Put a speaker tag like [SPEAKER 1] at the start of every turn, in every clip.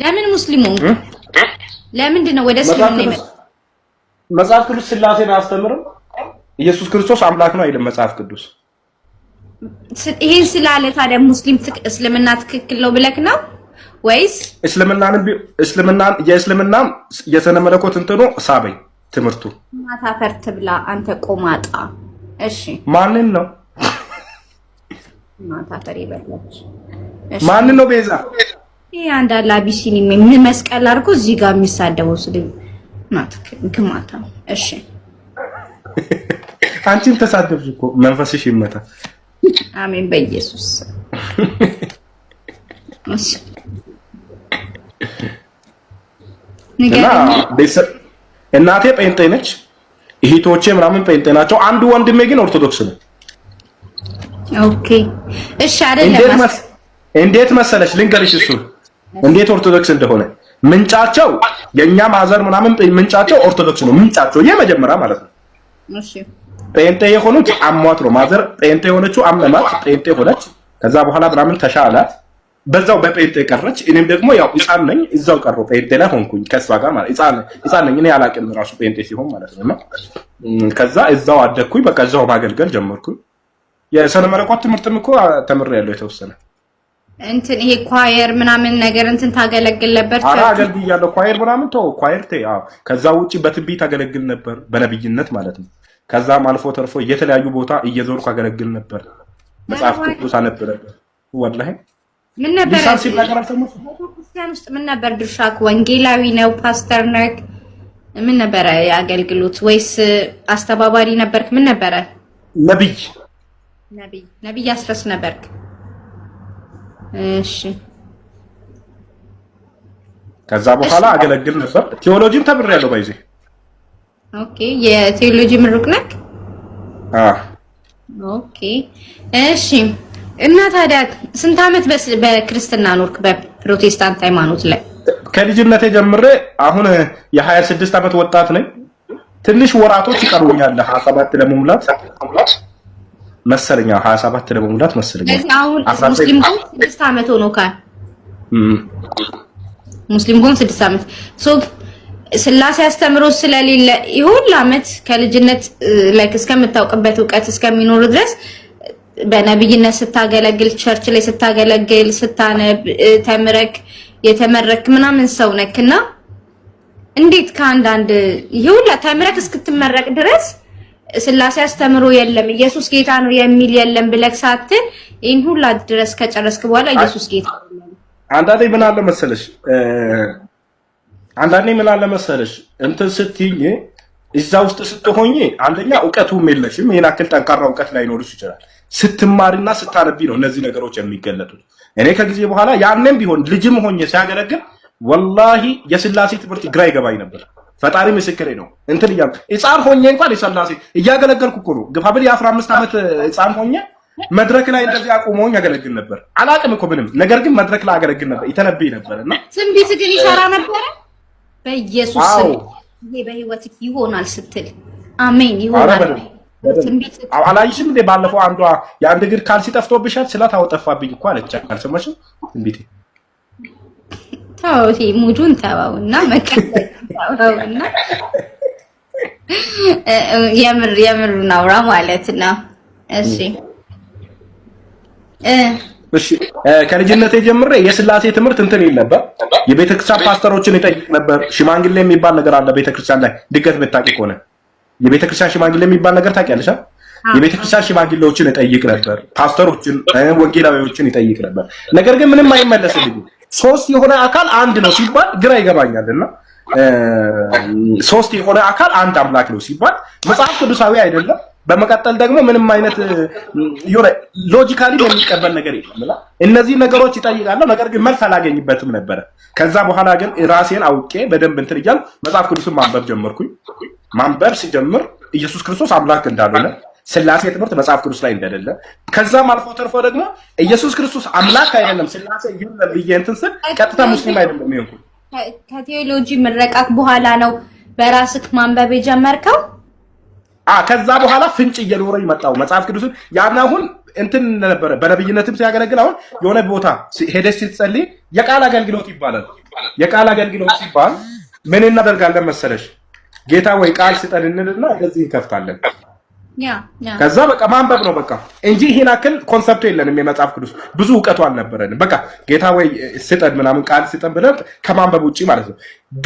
[SPEAKER 1] ለምን ሙስሊሙ ለምንድን ነው ወደ እስልምና ይመጣ?
[SPEAKER 2] መጽሐፍ ቅዱስ ስላሴን አያስተምርም? ኢየሱስ ክርስቶስ አምላክ ነው አይደለም? መጽሐፍ ቅዱስ።
[SPEAKER 1] ይሄን ስላለ ታዲያ ሙስሊም እስልምና ትክክል ነው ብለክ ነው ወይስ
[SPEAKER 2] እስልምናንም እስልምናን የእስልምናም የሰነ መለኮት እንትኑ ሳበኝ ትምህርቱ
[SPEAKER 1] ማታፈር ትብላ አንተ ቆማጣ። እሺ ማንን ነው ማታፈር ይበላች?
[SPEAKER 2] ማንን ነው ቤዛ
[SPEAKER 1] ይሄ አንድ አቢሲኒ ምን መስቀል አድርጎ እዚህ ጋር የሚሳደበው ስለ ግማታ። እሺ
[SPEAKER 2] አንቺም ተሳደብሽ እኮ መንፈስሽ ይመታ።
[SPEAKER 1] አሜን በኢየሱስ
[SPEAKER 2] እናቴ ጴንጤ ነች፣ እህቶቼ ምናምን ጴንጤ ናቸው። አንዱ ወንድሜ ግን ኦርቶዶክስ ነው።
[SPEAKER 1] ኦኬ እሺ። አይደለም
[SPEAKER 2] እንዴት መሰለሽ ልንገርሽ እሱን እንዴት ኦርቶዶክስ እንደሆነ ምንጫቸው የእኛ ማዘር ምናምን ምንጫቸው ኦርቶዶክስ ነው። ምንጫቸው የመጀመሪያ ማለት ነው። ጴንጤ የሆኑት አሟት ነው። ማዘር ጴንጤ የሆነችው አመማት፣ ጴንጤ ሆነች። ከዛ በኋላ ምናምን ተሻላት፣ በዛው በጴንጤ ቀረች። እኔም ደግሞ ያው ሕፃን ነኝ እዛው ቀረው ጴንጤ ላይ ሆንኩኝ ከእሷ ጋር ማለት ሕፃን ነኝ እኔ አላቅም ራሱ ጴንጤ ሲሆን ማለት ነው። ከዛ እዛው አደግኩኝ፣ በቃ እዛው ማገልገል ጀመርኩኝ። የስነ መለኮት ትምህርትም እኮ ተምሬያለሁ የተወሰነ
[SPEAKER 1] እንትን ይሄ ኳየር ምናምን ነገር እንትን ታገለግል ነበር።
[SPEAKER 2] ኧረ አገልግያለሁ። ኳየር ምናምን ተው ኳየር ተ አዎ። ከዛ ውጪ በትንቢት አገለግል ነበር፣ በነብይነት ማለት ነው። ከዛም አልፎ ተርፎ የተለያዩ ቦታ እየዞርኩ አገለግል ነበር። መጽሐፍ ቅዱስ አነብ ነበር። ወላሂ ምን ነበር ክርስቲያን
[SPEAKER 1] ውስጥ ምን ነበር ድርሻክ? ወንጌላዊ ነው? ፓስተር ነክ? ምን ነበረ የአገልግሎት? ወይስ አስተባባሪ ነበርክ? ምን ነበረ? ነብይ ነብይ ነብይ አስረስ ነበርክ? እሺ
[SPEAKER 2] ከዛ በኋላ አገለግል ነበር። ቴዎሎጂም ያለው ባይዜ
[SPEAKER 1] ኦኬ። የቴዎሎጂ ምሩቅ ነክ? አዎ። ኦኬ። እሺ። እና ታዲያ ስንት ዓመት በክርስትና ኖርክ? በፕሮቴስታንት ሃይማኖት ላይ
[SPEAKER 2] ከልጅነቴ ጀምሬ አሁን የ26 ዓመት ወጣት ነኝ። ትንሽ ወራቶች ይቀሩኛል 27 ለመሙላት መሰለኛው ሀያ ሰባት ለመሙላት መሰለኛ
[SPEAKER 1] ሙስሊም ጎን ስድስት ዓመት ሆኖ ካል ሙስሊም ጎን ስድስት ዓመት ስላሴ አስተምሮ ስለሌለ ይሁን አመት ከልጅነት ላይክ እስከምታውቅበት እውቀት እስከሚኖር ድረስ በነብይነት ስታገለግል ቸርች ላይ ስታገለግል ስታነብ ተምረክ የተመረክ ምናምን ሰው ነክና እንዴት ከአንዳንድ ይሁላ ተምረክ እስክትመረቅ ድረስ ስላሴ አስተምሮ የለም ኢየሱስ ጌታ ነው የሚል የለም ብለህ ሳትል ይህን ሁላ ድረስ ከጨረስክ በኋላ ኢየሱስ ጌታ
[SPEAKER 2] አንዳንዴ ምን አለ መሰለሽ አንዳንዴ ምን አለ መሰለሽ እንትን ስትይኝ እዛ ውስጥ ስትሆኝ አንደኛ እውቀቱም የለሽም። ይህን አክል ጠንካራ እውቀት ላይኖርሽ ይችላል። ስትማሪና ስታነቢ ነው እነዚህ ነገሮች የሚገለጡት። እኔ ከጊዜ በኋላ ያንን ቢሆን ልጅም ሆኜ ሲያገለግል ወላሂ የስላሴ ትምህርት ግራ ይገባኝ ነበር። ፈጣሪ ምስክሬ ነው። እንትን እያ ህፃን ሆኜ እንኳን የሰላሴ እያገለገልኩ እኮ ነው። ግፋብል የአስራ አምስት ዓመት ህፃን ሆኜ መድረክ ላይ እንደዚህ አቁመውኝ ያገለግል ነበር። አላቅም እኮ ምንም ነገር፣ ግን መድረክ ላይ አገለግል ነበር። ይተነብይ ነበር እና
[SPEAKER 1] ትንቢት ግን ይሰራ ነበረ። በኢየሱስ ይሄ በህይወት ይሆናል ስትል አሜን ይሆናል።
[SPEAKER 2] አላይሽም እንዴ? ባለፈው አንዷ የአንድ እግር ካልሲ ጠፍቶብሻል። ስላት አዎ ጠፋብኝ እኮ አለች። ካልሰማሽም ትንቢቴ
[SPEAKER 1] ተው ሙዱን ተወውና መቀጠውና የምር የምር ማለት ነው። እሺ
[SPEAKER 2] እሺ ከልጅነት ጀምሬ የስላሴ ትምህርት እንትን ይል ነበር። የቤተክርስቲያን ፓስተሮችን ይጠይቅ ነበር። ሽማግሌ የሚባል ነገር አለ ቤተክርስቲያን ላይ ድገት ብታቂ ከሆነ የቤተክርስቲያን ሽማግሌ የሚባል ነገር ታውቂያለሽ? የቤተክርስቲያን ሽማግሌዎችን ይጠይቅ ነበር። ፓስተሮችን፣ ወንጌላዊዎችን ይጠይቅ ነበር። ነገር ግን ምንም አይመለስልኝም ሶስት የሆነ አካል አንድ ነው ሲባል ግራ ይገባኛል እና ሶስት የሆነ አካል አንድ አምላክ ነው ሲባል መጽሐፍ ቅዱሳዊ አይደለም። በመቀጠል ደግሞ ምንም አይነት የሆነ ሎጂካሊ የሚቀበል ነገር የለም። እነዚህ ነገሮች ይጠይቃለሁ፣ ነገር ግን መልስ አላገኝበትም ነበረ። ከዛ በኋላ ግን ራሴን አውቄ በደንብ እንትን መጽሐፍ ቅዱስን ማንበብ ጀመርኩኝ። ማንበብ ሲጀምር ኢየሱስ ክርስቶስ አምላክ እንዳልሆነ ስላሴ ትምህርት መጽሐፍ ቅዱስ ላይ እንደሌለ ከዛም አልፎ ተርፎ ደግሞ ኢየሱስ ክርስቶስ አምላክ አይደለም ስላሴ የለም ብዬ እንትን ስል ቀጥታ ሙስሊም አይደለም ይሆንኩ።
[SPEAKER 1] ከቴዎሎጂ ምረቃት በኋላ ነው በራስህ ማንበብ የጀመርከው?
[SPEAKER 2] ከዛ በኋላ ፍንጭ እየኖረ ይመጣው መጽሐፍ ቅዱስን ያን አሁን እንትን እንደነበረ በነብይነትም ሲያገለግል አሁን የሆነ ቦታ ሄደች ስትጸልይ የቃል አገልግሎት ይባላል። የቃል አገልግሎት ሲባል ምን እናደርጋለን መሰለሽ ጌታ ወይ ቃል ስጠን እንልና እንደዚህ እንከፍታለን። ከዛ በቃ ማንበብ ነው በቃ እንጂ ይሄን አክል ኮንሰፕቱ የለንም። የመጽሐፍ ቅዱስ ብዙ እውቀቱ አልነበረንም። በቃ ጌታ ወይ ስጠን ምናምን ቃል ስጠን ብለን ከማንበብ ውጭ ማለት ነው።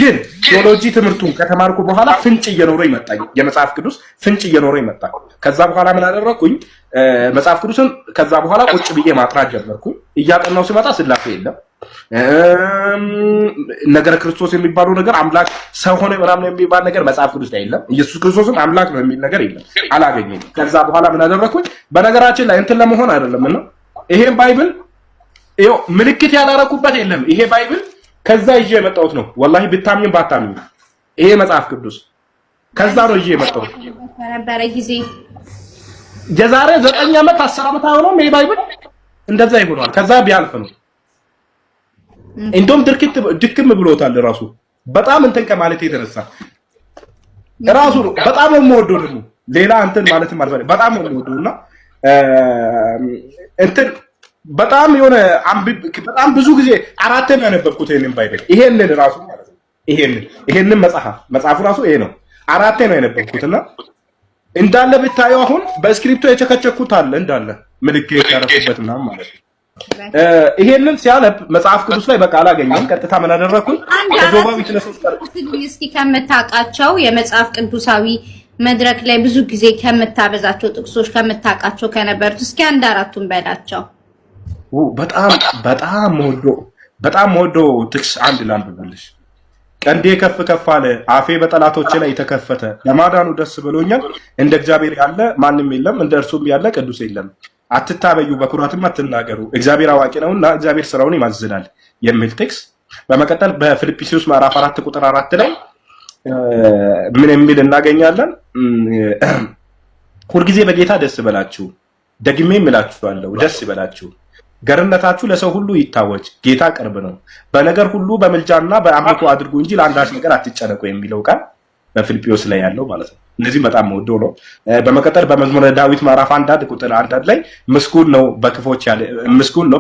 [SPEAKER 2] ግን ቴዎሎጂ ትምህርቱን ከተማርኩ በኋላ ፍንጭ እየኖረ ይመጣ የመጽሐፍ ቅዱስ ፍንጭ እየኖረ ይመጣ። ከዛ በኋላ ምን አደረግኩኝ? መጽሐፍ ቅዱስን ከዛ በኋላ ቁጭ ብዬ ማጥራት ጀመርኩኝ። እያጠናው ሲመጣ ስላሴ የለም ነገረ ክርስቶስ የሚባለው ነገር አምላክ ሰው ሆነ ምናምን የሚባል ነገር መጽሐፍ ቅዱስ ላይ የለም። ኢየሱስ ክርስቶስም አምላክ ነው የሚል ነገር የለም፣ አላገኘም። ከዛ በኋላ ምን አደረግኩኝ? በነገራችን ላይ እንትን ለመሆን አይደለም እና ይሄን ባይብል ምልክት ያላረኩበት የለም። ይሄ ባይብል ከዛ ይዤ የመጣሁት ነው። ወላሂ ብታምኝ ባታምኝ ይሄ መጽሐፍ ቅዱስ ከዛ ነው ይዤ የመጣሁት ነበረ ጊዜ የዛሬ ዘጠኝ ዓመት አስር ዓመት አይሆነውም። ይሄ ባይብል እንደዛ ይሆናል። ከዛ ቢያልፍ ነው እንደውም ድርክት ድክም ብሎታል ራሱ በጣም እንትን ከማለት የተነሳ ራሱ በጣም ነው የምወደው። ደግሞ ሌላ እንትን ማለት ማለት በጣም ነው የምወደው እና እንትን በጣም የሆነ በጣም ብዙ ጊዜ አራቴ ነው ያነበብኩት ይሄንን ባይብል ይሄንን ራሱ ማለት ይሄንን ይሄንን መጽሐፍ መጽሐፉ ራሱ ይሄ ነው አራቴ ነው ያነበብኩት እና እንዳለ ብታየው አሁን በእስክሪፕቶ የቸከቸኩት አለ እንዳለ ምልክት ያረፉበት ምናምን ማለት ነው ይሄንን ሲያለ መጽሐፍ ቅዱስ ላይ በቃ አላገኘም። ቀጥታ ምን አደረኩኝ?
[SPEAKER 1] ከጆባዊት ለሶስት ቀር እስቲ ከምታውቃቸው የመጽሐፍ ቅዱሳዊ መድረክ ላይ ብዙ ጊዜ ከምታበዛቸው ጥቅሶች ከምታውቃቸው ከነበሩት እስኪ አንድ አራቱን በላቸው።
[SPEAKER 2] በጣም በጣም ወዶ በጣም ወዶ ጥቅስ አንድ ላንብብልሽ። ቀንዴ ከፍ ከፍ አለ፣ አፌ በጠላቶቼ ላይ ተከፈተ። ለማዳኑ ደስ ብሎኛል። እንደ እግዚአብሔር ያለ ማንም የለም፣ እንደ እርሱም ያለ ቅዱስ የለም። አትታበዩ፣ በኩራትም አትናገሩ፣ እግዚአብሔር አዋቂ ነውና እግዚአብሔር ስራውን ይማዝናል የሚል ቴክስ በመቀጠል በፊልጵስዩስ ምዕራፍ አራት ቁጥር አራት ላይ ምን የሚል እናገኛለን? ሁልጊዜ በጌታ ደስ ይበላችሁ፣ ደግሜ እላችኋለሁ ደስ ይበላችሁ። ገርነታችሁ ለሰው ሁሉ ይታወጅ፣ ጌታ ቅርብ ነው። በነገር ሁሉ በምልጃና በአምልኮ አድርጉ እንጂ ለአንዳች ነገር አትጨነቁ የሚለው ቃል በፊልጵስዩስ ላይ ያለው ማለት ነው። እነዚህ በጣም ወዶ ነው። በመቀጠል በመዝሙረ ዳዊት ምዕራፍ አንዳንድ ቁጥር አንድ ላይ ምስጉን ነው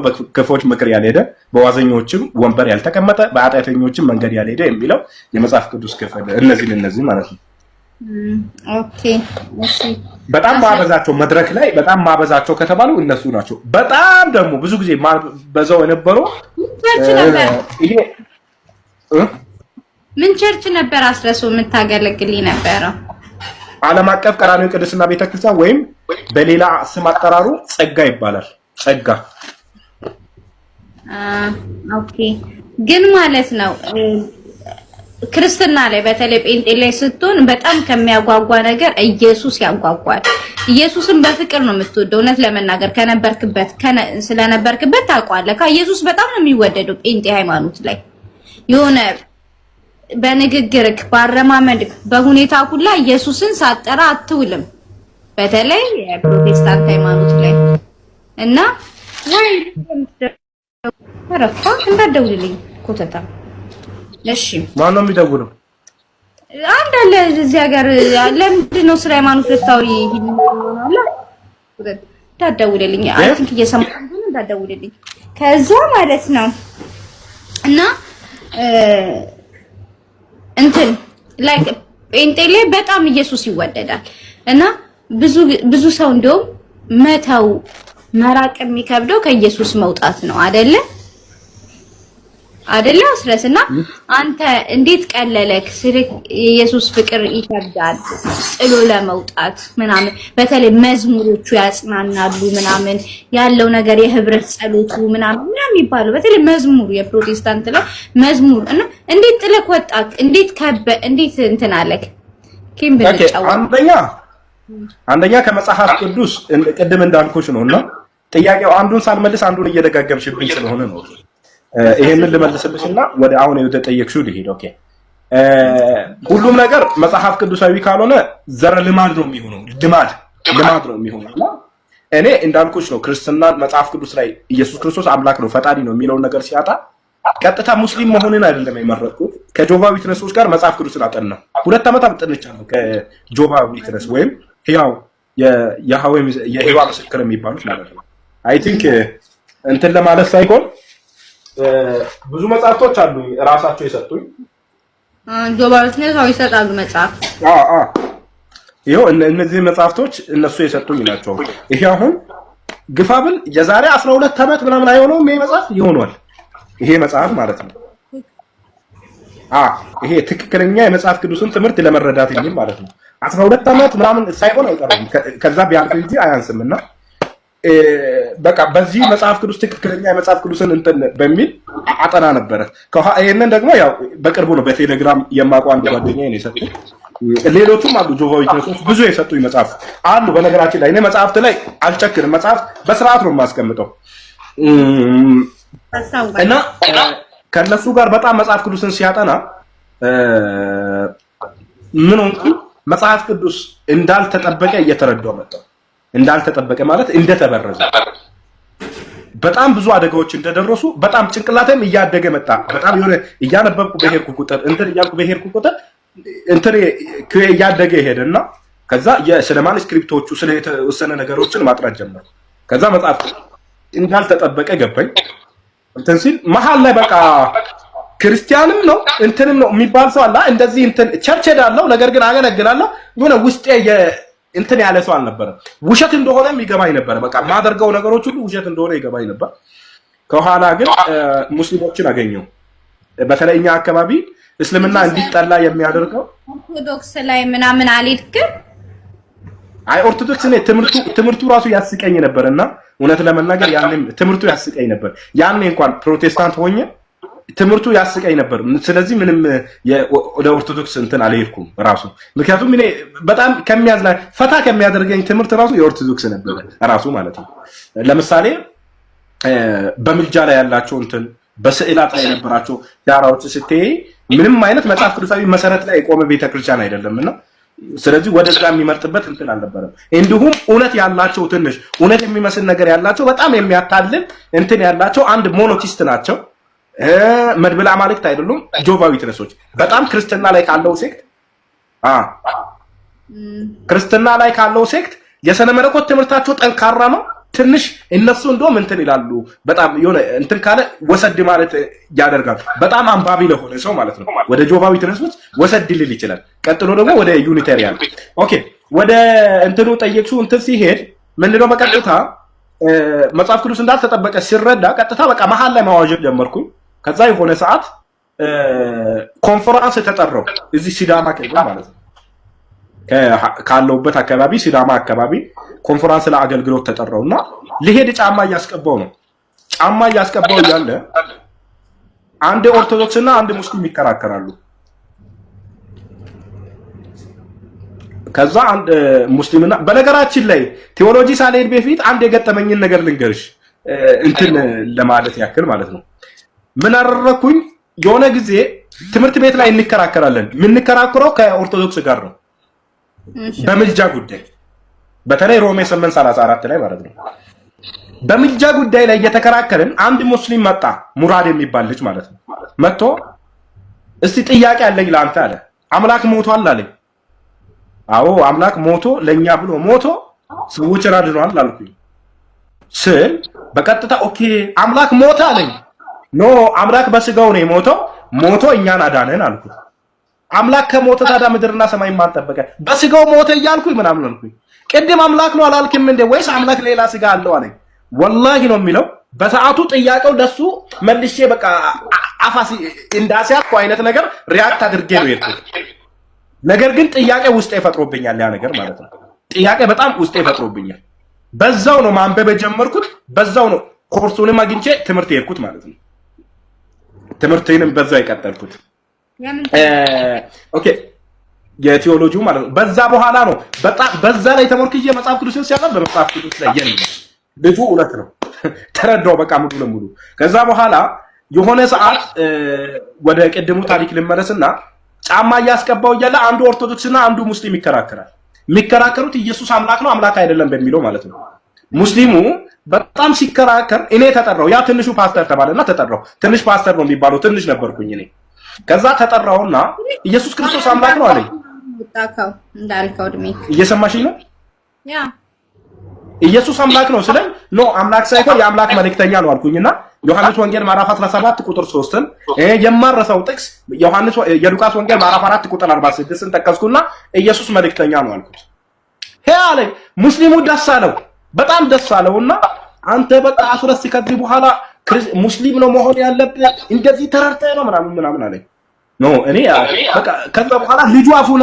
[SPEAKER 2] በክፎች ምክር ያልሄደ፣ በዋዘኞችም ወንበር ያልተቀመጠ፣ በኃጢአተኞችም መንገድ ያልሄደ የሚለው የመጽሐፍ ቅዱስ ክፍል እነዚህን እነዚህ ማለት ነው። በጣም ማበዛቸው መድረክ ላይ በጣም ማበዛቸው ከተባሉ እነሱ ናቸው። በጣም ደግሞ ብዙ ጊዜ በዛው የነበሩ?
[SPEAKER 1] ምን ቸርች ነበር አስረሱ የምታገለግል ነበረው
[SPEAKER 2] ዓለም አቀፍ ቀራኒዮ ቅድስና ቤተክርስቲያን ወይም በሌላ ስም አጠራሩ ጸጋ ይባላል። ጸጋ
[SPEAKER 1] ኦኬ። ግን ማለት ነው ክርስትና ላይ በተለይ ጴንጤ ላይ ስትሆን በጣም ከሚያጓጓ ነገር ኢየሱስ ያጓጓል። ኢየሱስን በፍቅር ነው የምትወደው። እውነት ለመናገር ከነበርክበት ስለነበርክበት ታውቀዋለህ። ኢየሱስ በጣም ነው የሚወደደው ጴንጤ ሃይማኖት ላይ የሆነ በንግግርክ ባረማመድክ በሁኔታ ሁላ ኢየሱስን ሳጠራ አትውልም። በተለይ የፕሮቴስታንት ሃይማኖት ላይ እና ረፋ እንዳትደውልልኝ ኮተታ። እሺ
[SPEAKER 2] ማነው የሚደውለው?
[SPEAKER 1] አንድ አለ እዚህ ሀገር። ለምንድን ነው ስለ ሃይማኖት ልታወሪ እንዳትደውልልኝ። አይ ቲንክ እየሰማሁ ከዛ ማለት ነው እና እንትን ላይክ ጴንጤ ላይ በጣም ኢየሱስ ይወደዳል እና ብዙ ብዙ ሰው እንደውም መተው መራቅ የሚከብደው ከኢየሱስ መውጣት ነው አይደለም አይደለ አስረስና አንተ እንዴት ቀለለክ? ስልክ የኢየሱስ ፍቅር ይከብዳል ጥሎ ለመውጣት ምናምን፣ በተለይ መዝሙሮቹ ያጽናናሉ ምናምን ያለው ነገር የህብረት ጸሎቱ ምናምን ምናምን የሚባለው በተለይ መዝሙር የፕሮቴስታንት ላይ መዝሙር እና እንዴት ጥለክ ወጣክ? እንዴት ከበ እንዴት እንትን አለክ? ኪም ብንጫወት
[SPEAKER 2] አንደኛ አንደኛ ከመጽሐፍ ቅዱስ ቅድም እንዳልኩሽ ነውና ጥያቄው አንዱን ሳልመልስ አንዱን እየደጋገምሽብኝ ስለሆነ ነው። ይሄንን ልመልስልሽ እና ወደ አሁን የተጠየቅሽው ልሄድ። ኦኬ ሁሉም ነገር መጽሐፍ ቅዱሳዊ ካልሆነ ዘረ ልማድ ነው የሚሆነው፣ ልማድ ልማድ ነው የሚሆነው እኔ እንዳልኩሽ ነው ክርስትና መጽሐፍ ቅዱስ ላይ ኢየሱስ ክርስቶስ አምላክ ነው ፈጣሪ ነው የሚለውን ነገር ሲያጣ ቀጥታ ሙስሊም መሆንን አይደለም የመረጥኩት። ከጆባ ዊትነሶች ጋር መጽሐፍ ቅዱስን ነው ሁለት ዓመት ነው ከጆባ ዊትነስ ወይም ያው የህዋ ምስክር የሚባሉት ማለት ነው። አይ ቲንክ እንትን ለማለት ሳይሆን ብዙ መጽሐፍቶች አሉ ራሳቸው የሰጡኝ
[SPEAKER 1] ዶባሮት ነው ሰው ይሰጣሉ መጽሐፍ
[SPEAKER 2] ይኸው እነዚህ መጽሐፍቶች እነሱ የሰጡኝ ናቸው። ይሄ አሁን ግፋብል የዛሬ 12 ዓመት ምናምን አይሆነውም ይሄ መጽሐፍ ይሆኗል። ይሄ መጽሐፍ ማለት ነው። አዎ ይሄ ትክክለኛ የመጽሐፍ ቅዱስን ትምህርት ለመረዳት ይሄ ማለት ነው። 12 ዓመት ምናምን ሳይሆን አይቀርም ከዛ ቢያንስ እንጂ አያንስምና በቃ በዚህ መጽሐፍ ቅዱስ ትክክለኛ የመጽሐፍ ቅዱስን እንትን በሚል አጠና ነበረ። ይህንን ደግሞ ያው በቅርቡ ነው በቴሌግራም የማውቀው አንድ ጓደኛ ነው የሰጡኝ። ሌሎቹም አሉ ጆቫ ብዙ የሰጡኝ መጽሐፍ አሉ። በነገራችን ላይ እኔ መጽሐፍት ላይ አልቸክርም። መጽሐፍ በስርዓት ነው የማስቀምጠው እና ከነሱ ጋር በጣም መጽሐፍ ቅዱስን ሲያጠና ምን መጽሐፍ ቅዱስ እንዳልተጠበቀ እየተረዳው መጣው እንዳልተጠበቀ ማለት እንደተበረዘ በጣም ብዙ አደጋዎች እንደደረሱ በጣም ጭንቅላቴም እያደገ መጣ። በጣም የሆነ እያነበብኩ በሄድኩ ቁጥር እንትን እያልኩ በሄድኩ ቁጥር እንትን እያደገ ይሄድና ከዛ ስለ ማንስክሪፕቶቹ ስለ የተወሰነ ነገሮችን ማጥራት ጀመርኩ። ከዛ መጽሐፍ እንዳልተጠበቀ ገባኝ። እንትን ሲል መሀል ላይ በቃ ክርስቲያንም ነው እንትንም ነው የሚባል ሰው አለ። እንደዚህ እንትን ቸርች ሄዳለሁ፣ ነገር ግን አገለግላለሁ የሆነ ውስጤ እንትን ያለ ሰው አልነበረም። ውሸት እንደሆነም ይገባኝ ነበር። በቃ የማደርገው ነገሮች ሁሉ ውሸት እንደሆነ ይገባኝ ነበር። ከኋላ ግን ሙስሊሞችን አገኘው። በተለይ እኛ አካባቢ እስልምና እንዲጠላ የሚያደርገው
[SPEAKER 1] ኦርቶዶክስ ላይ ምናምን አልሄድክም?
[SPEAKER 2] አይ ኦርቶዶክስ እኔ ትምህርቱ ራሱ ያስቀኝ ነበር እና እውነት ለመናገር ያኔም ትምህርቱ ያስቀኝ ነበር። ያኔ እንኳን ፕሮቴስታንት ሆኜ ትምህርቱ ያስቀኝ ነበር። ስለዚህ ምንም ወደ ኦርቶዶክስ እንትን አልሄድኩም ራሱ ምክንያቱም እኔ በጣም ከሚያዝና ፈታ ከሚያደርገኝ ትምህርት ራሱ የኦርቶዶክስ ነበረ ራሱ ማለት ነው። ለምሳሌ በምልጃ ላይ ያላቸው እንትን በስዕላት ላይ የነበራቸው ዳራዎች ስትይ ምንም አይነት መጽሐፍ ቅዱሳዊ መሰረት ላይ የቆመ ቤተክርስቲያን አይደለም እና ስለዚህ ወደዛ የሚመርጥበት እንትን አልነበረም። እንዲሁም እውነት ያላቸው ትንሽ እውነት የሚመስል ነገር ያላቸው በጣም የሚያታልል እንትን ያላቸው አንድ ሞኖቲስት ናቸው። መድብለ አማልክት አይደሉም፣ ጆቫ ዊትነሶች በጣም ክርስትና ላይ ካለው ሴክት ክርስትና ላይ ካለው ሴክት የሰነ መለኮት ትምህርታቸው ጠንካራ ነው። ትንሽ እነሱ እንደውም እንትን ይላሉ። በጣም የሆነ እንትን ካለ ወሰድ ማለት ያደርጋሉ። በጣም አንባቢ ለሆነ ሰው ማለት ነው። ወደ ጆቫዊ ትነሶች ወሰድ ሊል ይችላል። ቀጥሎ ደግሞ ወደ ዩኒቴሪያን ኦኬ፣ ወደ እንትኑ ጠየቅሱ እንትን ሲሄድ ምንድነው በቀጥታ መጽሐፍ ቅዱስ እንዳልተጠበቀ ሲረዳ ቀጥታ በቃ መሀል ላይ ማዋጀር ጀመርኩኝ። ከዛ የሆነ ሰዓት ኮንፈራንስ ተጠራው እዚህ ሲዳማ ክልል ማለት ነው ካለውበት አካባቢ ሲዳማ አካባቢ ኮንፈራንስ ለአገልግሎት ተጠራው እና ልሄድ ጫማ እያስቀባው ነው። ጫማ እያስቀባው እያለ አንድ ኦርቶዶክስ እና አንድ ሙስሊም ይከራከራሉ። ከዛ አንድ ሙስሊምና በነገራችን ላይ ቴዎሎጂ ሳልሄድ በፊት አንድ የገጠመኝን ነገር ልንገርሽ እንትን ለማለት ያክል ማለት ነው ምን አደረኩኝ? የሆነ ጊዜ ትምህርት ቤት ላይ እንከራከራለን። የምንከራከረው ከኦርቶዶክስ ጋር ነው፣ በምልጃ ጉዳይ በተለይ ሮሜ 834 ላይ ማለት ነው። በምልጃ ጉዳይ ላይ እየተከራከርን አንድ ሙስሊም መጣ፣ ሙራድ የሚባል ልጅ ማለት ነው። መጥቶ እስቲ ጥያቄ አለኝ ለአንተ አለ። አምላክ ሞቷል አለኝ። አዎ አምላክ ሞቶ ለእኛ ብሎ ሞቶ ሰዎችን አድኗል አልኩኝ ስል በቀጥታ ኦኬ አምላክ ሞተ አለኝ። ኖ አምላክ በስጋው ነው የሞተው፣ ሞቶ እኛን አዳነን አልኩት። አምላክ ከሞተ ታዲያ ምድርና ሰማይ ማን ጠበቀ? በስጋው ሞተ እያልኩኝ ምናምን አልኩኝ። ቅድም አምላክ ነው አላልክም እንዴ? ወይስ አምላክ ሌላ ስጋ አለው አለኝ። ወላሂ ነው የሚለው በሰዓቱ ጥያቄው ለሱ መልሼ በቃ አፋሲ እንዳሲያት አይነት ነገር ሪያክት አድርጌ ነው የሄድኩት። ነገር ግን ጥያቄ ውስጤ ፈጥሮብኛል፣ ያ ነገር ማለት ነው። ጥያቄ በጣም ውስጤ ፈጥሮብኛል። በዛው ነው ማንበብ የጀመርኩት፣ በዛው ነው ኮርሱንም አግኝቼ ትምህርት የሄድኩት ማለት ነው። ትምህርቴንም በዛ የቀጠልኩት ኦኬ የቴዎሎጂው ማለት ነው። በዛ በኋላ ነው በጣም በዛ ላይ ተመርክዬ መጽሐፍ ቅዱስን ሲያቀርብ በመጽሐፍ ቅዱስ ላይ የለም ልጁ እውነት ነው ተረዳው፣ በቃ ሙሉ ለሙሉ። ከዛ በኋላ የሆነ ሰዓት ወደ ቅድሙ ታሪክ ልመለስና ጫማ እያስቀባው እያለ አንዱ ኦርቶዶክስና አንዱ ሙስሊም ይከራከራል። የሚከራከሩት ኢየሱስ አምላክ ነው አምላክ አይደለም በሚለው ማለት ነው። ሙስሊሙ በጣም ሲከራከር እኔ ተጠራው። ያ ትንሹ ፓስተር ተባለና ተጠራው። ትንሽ ፓስተር ነው የሚባለው፣ ትንሽ ነበርኩኝ እኔ። ከዛ ተጠራውና ኢየሱስ ክርስቶስ አምላክ ነው አለኝ። እየሰማሽኝ ነው? ያ ኢየሱስ አምላክ ነው ስለ ኖ አምላክ ሳይሆን የአምላክ መልእክተኛ ነው አልኩኝና ዮሐንስ ወንጌል ምዕራፍ 17 ቁጥር 3ን የማረሰው ጥቅስ ዮሐንስ የሉቃስ ወንጌል ምዕራፍ 4 ቁጥር 46ን ጠቀስኩና ኢየሱስ መልእክተኛ ነው አልኩት። ሄ አለኝ። ሙስሊሙ ደስ አለው። በጣም ደስ አለውና አንተ በቃ አስረስ ከዚህ በኋላ ሙስሊም ነው መሆን ያለብህ እንደዚህ ተረድተህ ነው ምናምን ምናምን አለኝ። ኖ እኔ በቃ ከዛ በኋላ ልጁ አፉን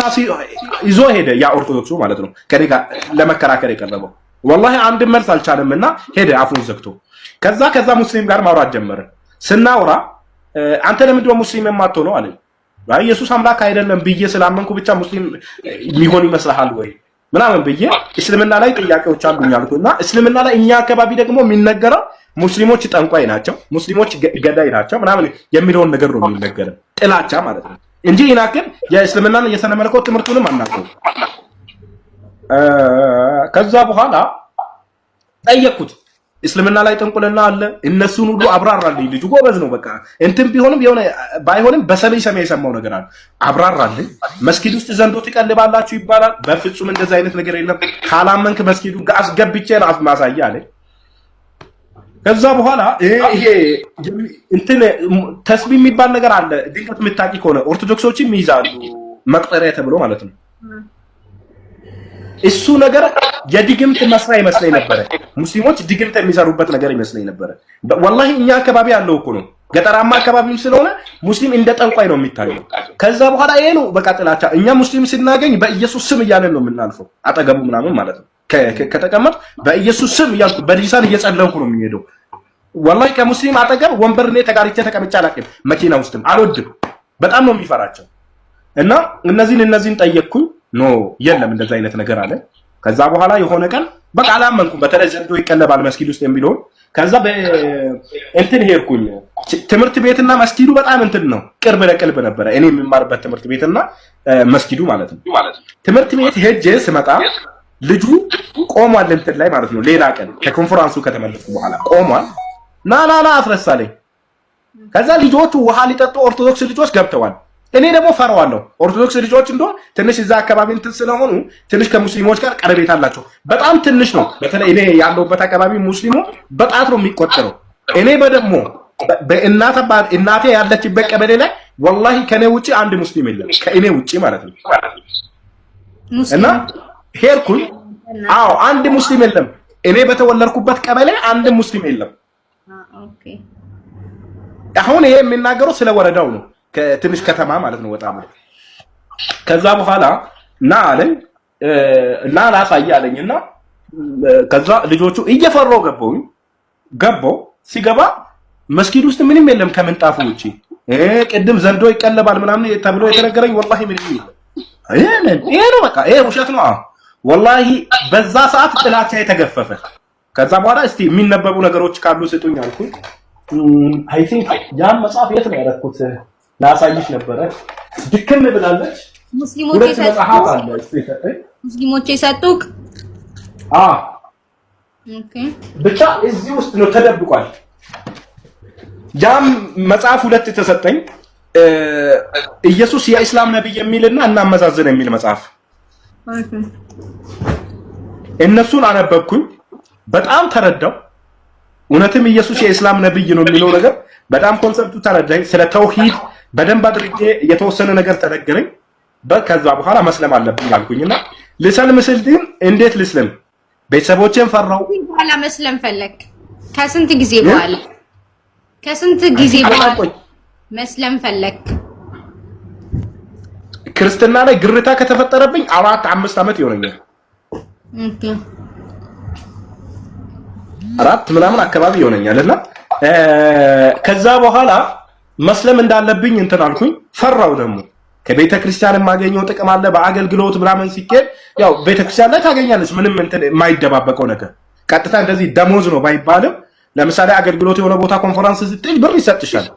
[SPEAKER 2] ይዞ ሄደ፣ ያ ኦርቶዶክሱ ማለት ነው። ከኔ ጋር ለመከራከር የቀረበው ወላሂ አንድ መልስ አልቻለምና ሄደ አፉን ዘግቶ። ከዛ ከዛ ሙስሊም ጋር ማውራት ጀመረ። ስናውራ አንተ ለምንድን ሙስሊም የማትሆነው አለኝ። ኢየሱስ አምላክ አይደለም ብዬ ስላመንኩ ብቻ ሙስሊም የሚሆን ይመስልሃል ወይ ምናምን ብዬ እስልምና ላይ ጥያቄዎች አሉኝ አልኩ እና እስልምና ላይ እኛ አካባቢ ደግሞ የሚነገረው ሙስሊሞች ጠንቋይ ናቸው፣ ሙስሊሞች ገዳይ ናቸው ምናምን የሚለውን ነገር ነው የሚነገረው፣ ጥላቻ ማለት ነው እንጂ ይናክን የእስልምናን እየሰነመልከው ትምህርቱንም አናውቀውም። ከዛ በኋላ ጠየቅኩት እስልምና ላይ ጥንቁልና አለ። እነሱን ሁሉ አብራራልኝ። ልጁ ጎበዝ ነው። በቃ እንትን ቢሆንም የሆነ ባይሆንም በሰሜ ሰሜ የሰማው ነገር አለ። አብራራልኝ። መስጊድ ውስጥ ዘንዶ ትቀልባላችሁ ይባላል። በፍጹም እንደዚ አይነት ነገር የለም። ካላመንክ መስጊዱ አስገብቼ ነው ማሳያ አለ። ከዛ በኋላ ይሄ እንትን ተስቢ የሚባል ነገር አለ። ድንቀት ምታቂ ከሆነ ኦርቶዶክሶችም ይይዛሉ መቁጠሪያ ተብሎ ማለት ነው። እሱ ነገር የድግምት መስራ ይመስለኝ ነበረ። ሙስሊሞች ድግምት የሚሰሩበት ነገር ይመስለኝ ነበረ። ወላሂ እኛ አካባቢ ያለው እኮ ነው። ገጠራማ አካባቢም ስለሆነ ሙስሊም እንደ ጠንቋይ ነው የሚታየው። ከዛ በኋላ ይሄ ነው በቃ ጥላቻ። እኛ ሙስሊም ስናገኝ በኢየሱስ ስም እያለን ነው የምናልፈው፣ አጠገቡ ምናምን ማለት ነው። ከተቀመጥ በኢየሱስ ስም እያልኩ በዲሳን እየጸለንኩ ነው የሚሄደው። ወላሂ ከሙስሊም አጠገብ ወንበር እኔ ተጋርቼ ተቀምጬ አላውቅም። መኪና ውስጥም አልወድም። በጣም ነው የሚፈራቸው እና እነዚህን እነዚህን ጠየቅኩኝ ኖ የለም እንደዚ አይነት ነገር አለ። ከዛ በኋላ የሆነ ቀን በቃ አላመንኩም። በተለይ ዘንዶ ይቀለባል መስጊድ ውስጥ የሚለውን ከዛ እንትን ሄድኩኝ። ትምህርት ቤትና መስጊዱ በጣም እንትን ነው፣ ቅርብ ለቅልብ ነበረ እኔ የሚማርበት ትምህርት ቤትና መስጊዱ ማለት ነው። ትምህርት ቤት ሄጄ ስመጣ ልጁ ቆሟል እንትን ላይ ማለት ነው። ሌላ ቀን ከኮንፈራንሱ ከተመለስኩ በኋላ ቆሟል። ና ና ና ከዛ ልጆቹ ውሃ ሊጠጡ ኦርቶዶክስ ልጆች ገብተዋል። እኔ ደግሞ ፈራዋለሁ። ኦርቶዶክስ ልጆች እንደሆን ትንሽ እዛ አካባቢ እንትን ስለሆኑ ትንሽ ከሙስሊሞች ጋር ቀረቤት አላቸው። በጣም ትንሽ ነው። በተለይ እኔ ያለሁበት አካባቢ ሙስሊሙ በጣት ነው የሚቆጠረው። እኔ በደግሞ እናቴ ያለችበት ቀበሌ ላይ ወላሂ ከእኔ ውጭ አንድ ሙስሊም የለም፣ ከእኔ ውጭ ማለት ነው። እና ሄድኩኝ። አዎ አንድ ሙስሊም የለም። እኔ በተወለድኩበት ቀበሌ አንድ ሙስሊም የለም። አሁን ይሄ የሚናገረው ስለ ወረዳው ነው። ትንሽ ከተማ ማለት ነው ወጣ ብሎ ከዛ በኋላ ና አለኝ እና ላሳይ አለኝ እና ከዛ ልጆቹ እየፈራሁ ገባው ገባው ሲገባ መስጊድ ውስጥ ምንም የለም ከምንጣፉ ውጪ ቅድም ዘንዶ ይቀለባል ምናምን ተብሎ የተነገረኝ ወላሂ ምንም ይሄ ነው በቃ ይሄ ውሸት ነው ወላሂ በዛ ሰዓት ጥላቻ የተገፈፈ ከዛ በኋላ እስቲ የሚነበቡ ነገሮች ካሉ ስጡኝ አልኩኝ አይ ቲንክ ያን መጽሐፍ የት ነው ያደረኩት ላሳይሽ ነበረ። ድክም ብላለች።
[SPEAKER 1] ሙስሊሞች የሰጡ ሙስሊሞች የሰጡት አ ኦኬ።
[SPEAKER 2] ብቻ እዚህ ውስጥ ነው ተደብቋል። ያም መጽሐፍ ሁለት የተሰጠኝ ኢየሱስ የኢስላም ነብይ የሚልና እናመዛዝን የሚል መጽሐፍ እነሱን አነበብኩኝ። በጣም ተረዳው። እውነትም ኢየሱስ የኢስላም ነብይ ነው የሚለው ነገር በጣም ኮንሰፕቱ ተረዳኝ። ስለ ተውሂድ በደንብ አድርጌ የተወሰነ ነገር ተነገረኝ። ከዛ በኋላ መስለም አለብኝ አልኩኝና ልሰልም ስል ግን እንዴት ልስልም? ቤተሰቦቼን ፈራው።
[SPEAKER 1] በኋላ መስለም ፈለግ ከስንት ጊዜ በኋላ ከስንት ጊዜ በኋላ መስለም ፈለግ?
[SPEAKER 2] ክርስትና ላይ ግርታ ከተፈጠረብኝ አራት አምስት ዓመት ይሆነኛል። አራት ምናምን አካባቢ ይሆነኛል እና ከዛ በኋላ መስለም እንዳለብኝ እንትን አልኩኝ። ፈራው ደግሞ ከቤተ ክርስቲያን የማገኘው ጥቅም አለ። በአገልግሎት ምናምን ሲኬድ ያው ቤተ ክርስቲያን ላይ ታገኛለች። ምንም እንትን የማይደባበቀው ነገር ቀጥታ እንደዚህ ደሞዝ ነው ባይባልም፣ ለምሳሌ አገልግሎት የሆነ ቦታ ኮንፈረንስ ስትሄድ ብር ይሰጥሻል።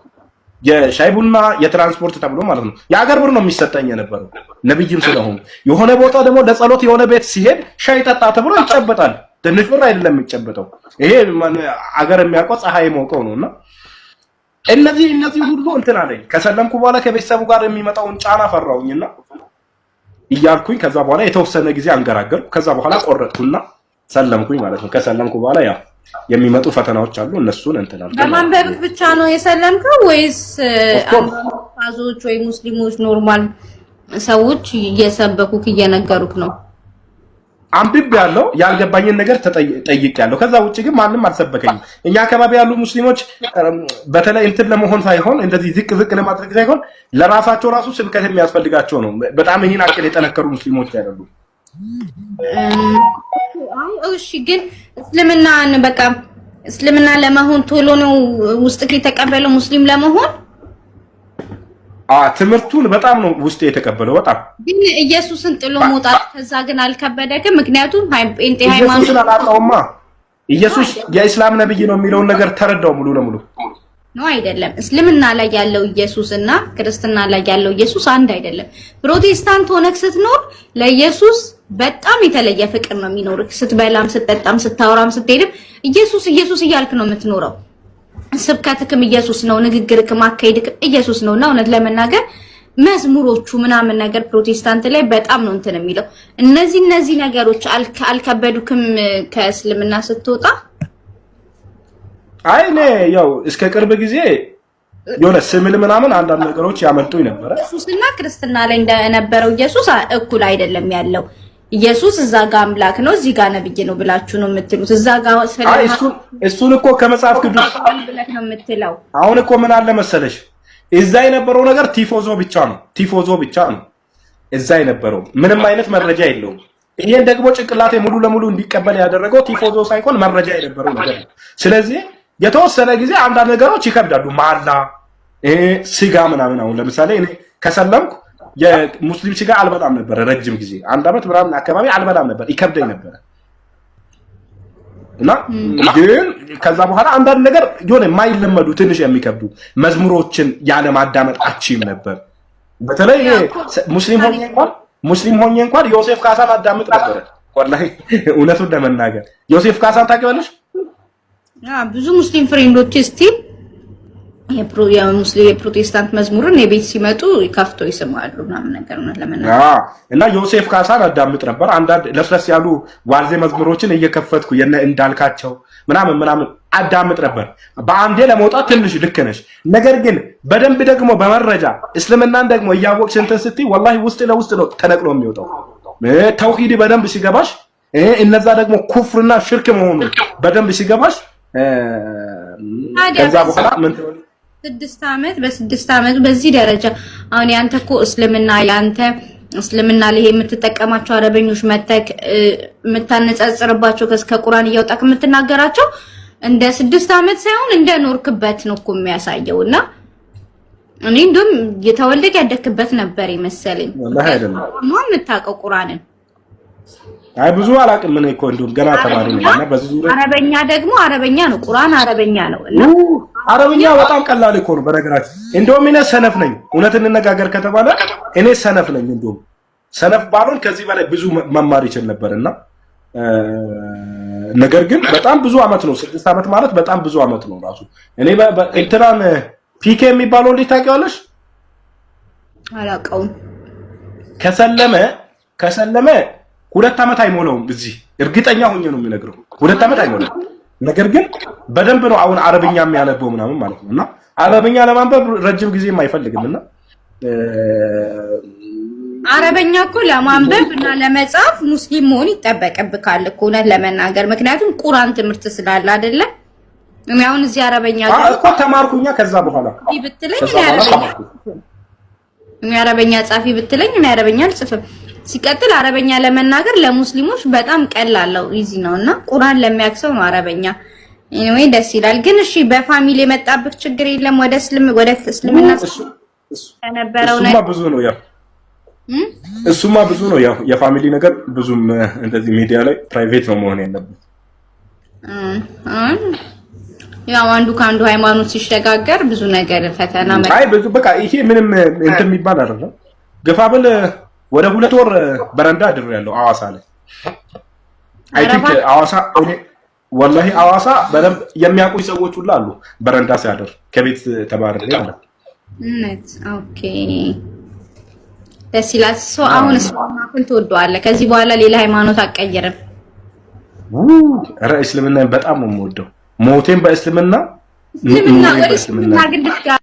[SPEAKER 2] የሻይ ቡና፣ የትራንስፖርት ተብሎ ማለት ነው። የአገር ብር ነው የሚሰጠኝ የነበረው ነብይም ስለሆኑ። የሆነ ቦታ ደግሞ ለጸሎት የሆነ ቤት ሲሄድ ሻይ ጠጣ ተብሎ ይጨበጣል። ትንሽ ብር አይደለም የሚጨበጠው። ይሄ አገር የሚያውቀው ፀሐይ ሞቀው ነው እና እነዚህ እነዚህ ሁሉ እንትን አለኝ። ከሰለምኩ በኋላ ከቤተሰቡ ጋር የሚመጣውን ጫና ፈራውኝና እያልኩኝ ከዛ በኋላ የተወሰነ ጊዜ አንገራገርኩ። ከዛ በኋላ ቆረጥኩና ሰለምኩኝ ማለት ነው። ከሰለምኩ በኋላ ያ የሚመጡ ፈተናዎች አሉ። እነሱን እንትን
[SPEAKER 1] በማንበብ ብቻ ነው የሰለምከው ወይስ አዞች ወይ ሙስሊሞች ኖርማል ሰዎች እየሰበኩክ እየነገሩክ ነው?
[SPEAKER 2] አንብብ ያለው ያልገባኝን ነገር ጠይቅ ያለው። ከዛ ውጭ ግን ማንም አልሰበከኝም። እኛ አካባቢ ያሉ ሙስሊሞች በተለይ እንትን ለመሆን ሳይሆን እንደዚህ ዝቅ ዝቅ ለማድረግ ሳይሆን ለራሳቸው ራሱ ስብከት የሚያስፈልጋቸው ነው። በጣም ይህን አቅል የጠነከሩ ሙስሊሞች አይደሉም።
[SPEAKER 1] እሺ፣ ግን እስልምናን በቃ እስልምና ለመሆን ቶሎ ነው ውስጥ የተቀበለው ሙስሊም ለመሆን
[SPEAKER 2] ትምህርቱን በጣም ነው ውስጥ የተቀበለው። በጣም
[SPEAKER 1] ግን ኢየሱስን ጥሎ መውጣት ከዛ ግን አልከበደክም? ምክንያቱም ጴንጤ
[SPEAKER 2] ሃይማኖት አላጣውማ። ኢየሱስ የእስላም ነብይ ነው የሚለውን ነገር ተረዳው ሙሉ ለሙሉ
[SPEAKER 1] ነው አይደለም። እስልምና ላይ ያለው ኢየሱስ እና ክርስትና ላይ ያለው ኢየሱስ አንድ አይደለም። ፕሮቴስታንት ሆነክ ስትኖር ለኢየሱስ በጣም የተለየ ፍቅር ነው የሚኖርክ። ስትበላም፣ ስትጠጣም፣ ስታወራም፣ ስትሄድም ኢየሱስ ኢየሱስ እያልክ ነው የምትኖረው። ስብከትክም ኢየሱስ ነው፣ ንግግርክም አካሄድክም ኢየሱስ ነው እና እውነት ለመናገር መዝሙሮቹ ምናምን ነገር ፕሮቴስታንት ላይ በጣም ነው እንትን የሚለው። እነዚህ እነዚህ ነገሮች አልከበዱክም ከእስልምና ስትወጣ?
[SPEAKER 2] አይ እኔ ያው እስከ ቅርብ ጊዜ የሆነ ስምል ምናምን አንዳንድ ነገሮች ያመልጡኝ ነበረ።
[SPEAKER 1] ኢየሱስና ክርስትና ላይ እንደነበረው ኢየሱስ እኩል አይደለም ያለው ኢየሱስ እዛ ጋ አምላክ ነው እዚህ ጋ ነብይ ነው ብላችሁ ነው የምትሉት። እዛ ጋ
[SPEAKER 2] እሱን እኮ ከመጽሐፍ ቅዱስ የምትለው። አሁን እኮ ምን አለ መሰለሽ እዛ የነበረው ነገር ቲፎዞ ብቻ ነው፣ ቲፎዞ ብቻ ነው እዛ የነበረው ምንም አይነት መረጃ የለውም። ይሄን ደግሞ ጭንቅላቴ ሙሉ ለሙሉ እንዲቀበል ያደረገው ቲፎዞ ሳይሆን መረጃ የነበረው ነገር ነው። ስለዚህ የተወሰነ ጊዜ አንዳንድ ነገሮች ይከብዳሉ። ማላ ስጋ ምናምን አሁን ለምሳሌ እኔ ከሰለምኩ የሙስሊም ስጋ አልበላም ነበረ ረጅም ጊዜ አንድ ዓመት ምናምን አካባቢ አልበላም ነበር፣ ይከብደኝ ነበረ እና ግን ከዛ በኋላ አንዳንድ ነገር የሆነ የማይለመዱ ትንሽ የሚከብዱ መዝሙሮችን ያለ ማዳመጥ አችም ነበር። በተለይ ሙስሊም ሆኜ እንኳን ሙስሊም ሆኜ እንኳን ዮሴፍ ካሳን አዳምጥ ነበረ። ወላሂ እውነቱን ለመናገር ዮሴፍ ካሳን ታውቂዋለሽ?
[SPEAKER 1] ብዙ ሙስሊም ፍሬንዶች ስቲል የፕሮቴስታንት መዝሙርን የቤት ሲመጡ ከፍቶ ይስማሉ ምናምን
[SPEAKER 2] ነገር እና ዮሴፍ ካሳን አዳምጥ ነበር። አንዳንድ ለስለስ ያሉ ዋልዜ መዝሙሮችን እየከፈትኩ የነ እንዳልካቸው ምናምን ምናምን አዳምጥ ነበር። በአንዴ ለመውጣት ትንሽ ልክ ነሽ። ነገር ግን በደንብ ደግሞ በመረጃ እስልምናን ደግሞ እያወቅሽ እንትን ስትይ ወላሂ ውስጥ ለውስጥ ነው ተነቅሎ የሚወጣው። ተውሂድ በደንብ ሲገባሽ፣ እነዛ ደግሞ ኩፍርና ሽርክ መሆኑ በደንብ ሲገባሽ
[SPEAKER 1] ከዛ በኋላ ምን ስድስት ዓመት በስድስት ዓመቱ በዚህ ደረጃ አሁን ያንተ እኮ እስልምና ያንተ እስልምና ላይ የምትጠቀማቸው አረበኞች መተክ የምታነጻጽርባቸው ከስከ ቁርአን እያወጣክ የምትናገራቸው እንደ ስድስት ዓመት ሳይሆን እንደ ኖርክበት ነው እኮ የሚያሳየው። እና እኔ እንደውም የተወለድ ያደክበት ነበር የመሰለኝ። ማን የምታውቀው ቁርአንን
[SPEAKER 2] አይ ብዙ አላቅም። ምን እኮ እንደውም ገና ተማሪ ነኝ
[SPEAKER 1] እና በዚህ ዙሪያ አረበኛ ደግሞ አረበኛ ነው፣ ቁርአን አረበኛ ነው። እና
[SPEAKER 2] አረበኛ በጣም ቀላል እኮ ነው በነገራችን። እንደውም እኔ ሰነፍ ነኝ፣ እውነት እንነጋገር ከተባለ እኔ ሰነፍ ነኝ። እንደውም ሰነፍ ባልሆን ከዚህ በላይ ብዙ መማር ይችል ነበርና ነገር ግን በጣም ብዙ አመት ነው፣ ስድስት አመት ማለት በጣም ብዙ አመት ነው ራሱ። እኔ እንትናን ፒኬ የሚባለው እንዴት ታውቂዋለሽ? አላውቀውም። ከሰለመ ከሰለመ ሁለት ዓመት አይሞላውም። እዚህ እርግጠኛ ሆኜ ነው የሚነግረው፣ ሁለት ዓመት አይሞላውም። ነገር ግን በደንብ ነው አሁን አረብኛ የሚያነበው ምናምን ማለት ነው። እና አረብኛ ለማንበብ ረጅም ጊዜም አይፈልግም እና
[SPEAKER 1] አረበኛ እኮ ለማንበብ እና ለመጻፍ ሙስሊም መሆን ይጠበቅብካል እኮ እውነት ለመናገር ምክንያቱም ቁራን ትምህርት ስላለ አይደለ። እኔ አሁን እዚህ አረበኛ
[SPEAKER 2] እኮ ተማርኩኛ። ከዛ በኋላ ብትለኝ
[SPEAKER 1] እኔ አረበኛ ጻፊ ብትለኝ እኔ አረበኛ አልጽፍም። ሲቀጥል አረበኛ ለመናገር ለሙስሊሞች በጣም ቀላለው ኢዚ ነው እና ቁርአን ለሚያክሰው ነው አረበኛ። ኤኒዌይ ደስ ይላል። ግን እሺ በፋሚሊ የመጣበት ችግር የለም ወደ እስልም ወደ እስልምና
[SPEAKER 2] ተነበረው ነው ብዙ ነው ያ እሱማ ብዙ ነው ያው የፋሚሊ ነገር ብዙም እንደዚህ ሚዲያ ላይ ፕራይቬት ነው መሆን ያለበት።
[SPEAKER 1] ያው አንዱ ከአንዱ ሃይማኖት ሲሸጋገር ብዙ ነገር ፈተና
[SPEAKER 2] አይ ብዙ በቃ ይሄ ምንም እንትን የሚባል አይደለም ግፋብል ወደ ሁለት ወር በረንዳ ድር ያለው አዋሳ ላይ አይ ቲንክ አዋሳ ወላሂ አዋሳ በደንብ የሚያውቁኝ ሰዎች ሁሉ አሉ። በረንዳ ሲያደር ከቤት ተባረር ማለት
[SPEAKER 1] ነት። ኦኬ ደስ ይላል። ሶ አሁን እስላማኩል ትወደዋለህ። ከዚህ በኋላ ሌላ ሃይማኖት አቀየርም።
[SPEAKER 2] ኧረ እስልምና በጣም ነው የምወደው። ሞቴን በእስልምና
[SPEAKER 1] ምን ምን